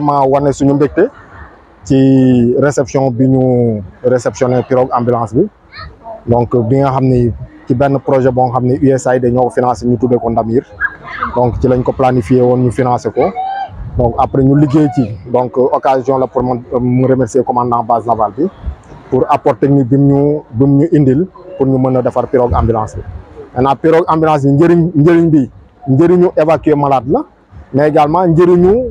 vraiment une suñu mbégte ci réception bi ñu réceptionner pirogue ambulance bi donc bien nga qui ben ci projet bon xam ni USAID et ko financé ñu tuddee ko Ndamir donc ci lañ ko planifié on ñu finance ko donc après nous liggéey ci donc occasion là pour me euh, remercier commandant base navale pour apporter nous bi ñu indil pour nous mener a faire pirogue ambulance bi maintenant pirogue ambulance bi njëriñ évacué bi évacuer malade la mais également nous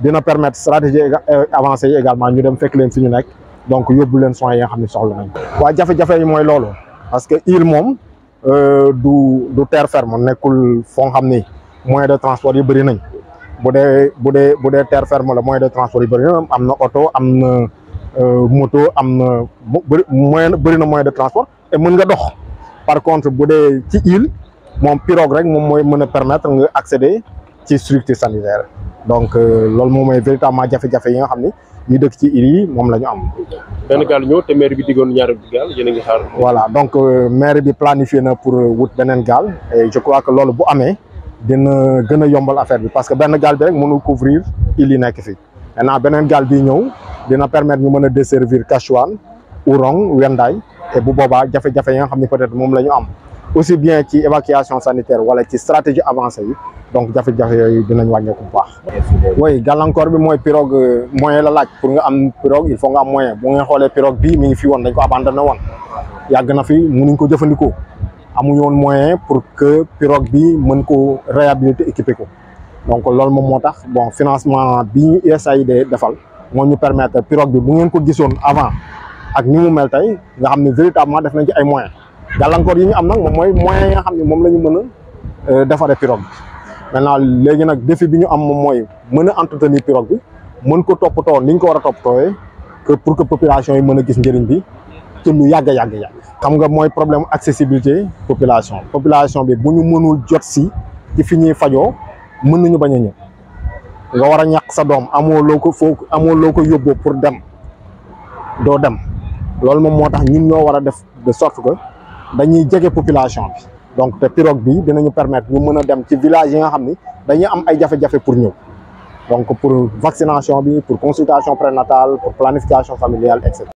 dina permettre stratégie euh, avancée également ñu dem fekk leen fi ñu nekk donc yobul leen soins yi nga xamni ne soxla nañ wa jafé jafé yi mooy loolu parce que île moom euh, du du terre ferme nekul fo xam ni moyen de transport yi bari nañ bu dee bu dee bu dee terre ferme la moyen de transport yi bari na am na oto am na euh, moto am na moyen bari na moyen de transport et mën nga dox par contre bu dee ci île mom pirogue rek mom moy mëna permettre nga accéder ci structure sanitaire donc euh, lol momay véritablement jafé jafé yi nga xamni ñu dëkk ci île yi moom la am. benn gal ñëw té maire bi diggoon ñaar gaal yéen a ngi xaar. voilà donc euh, maire bi planifié na pour euh, wut benen gal et je crois que lolou bu amé dina gën a yombal affaire bi parce que benn gal bi rek mënu couvrir île yi nekk fii maintenant beneen gaal bi ñëw dina permettre ñu mëna a desservir Cachuan Ourong Wendaay et bu boba jafé jafé yi nga xamni peut-être mom lañu am aussi bien ci évacuation sanitaire wala ci stratégie avancée donc jafe-jafe yooyu dinañ wàññeeku bu baax. oui galancor bi mooy pirogue euh, moyen la laaj pour nga am pirogue il faut nga moyen bu ngeen xoolee pirogue bi mi ngi fi woon dañ ko abandonné woon yàgg na fi mënuñ ko jëfandikoo amuñu woon moyen pour que pirogue bi mën ko réhabiliter équiper ko donc loolu moom moo bon financement bi ñu USAID defal moo ñu permettre pirogue bi bu ngeen ko gisoon avant ak ni mu mel tey nga véritablement def nañ ci ay moyens. gàllankoor yi ñu am nag moom mooy moyen yi xam ne moom la ñu mën a euh, defaree pirogue bi maintenant léegi nag défi bi ñu am moom mooy mën a entreteni pirogue bi mën ko toppatoo ni ñu ko war a toppatooyee que pour que population yi mën a gis bi te lu yàgg yàgg yàgg. xam nga mooy problème accessibilité population population bi bu ñu mënul jot si ci fi ñuy fajoo mën nañu bañ a ñëw nga war a ñàq sa doom amoo loo ko foo amoo loo ko yóbboo pour dem doo dem loolu moom moo tax ñun ñoo war a def de sorte que. dañuy jege population bi donc té pirogue bi dinañu permettre ñu mëna a ci village yi nga xamni dañuy am ay pour ñëw donc pour vaccination bi pour consultation prénatale pour planification familiale etc.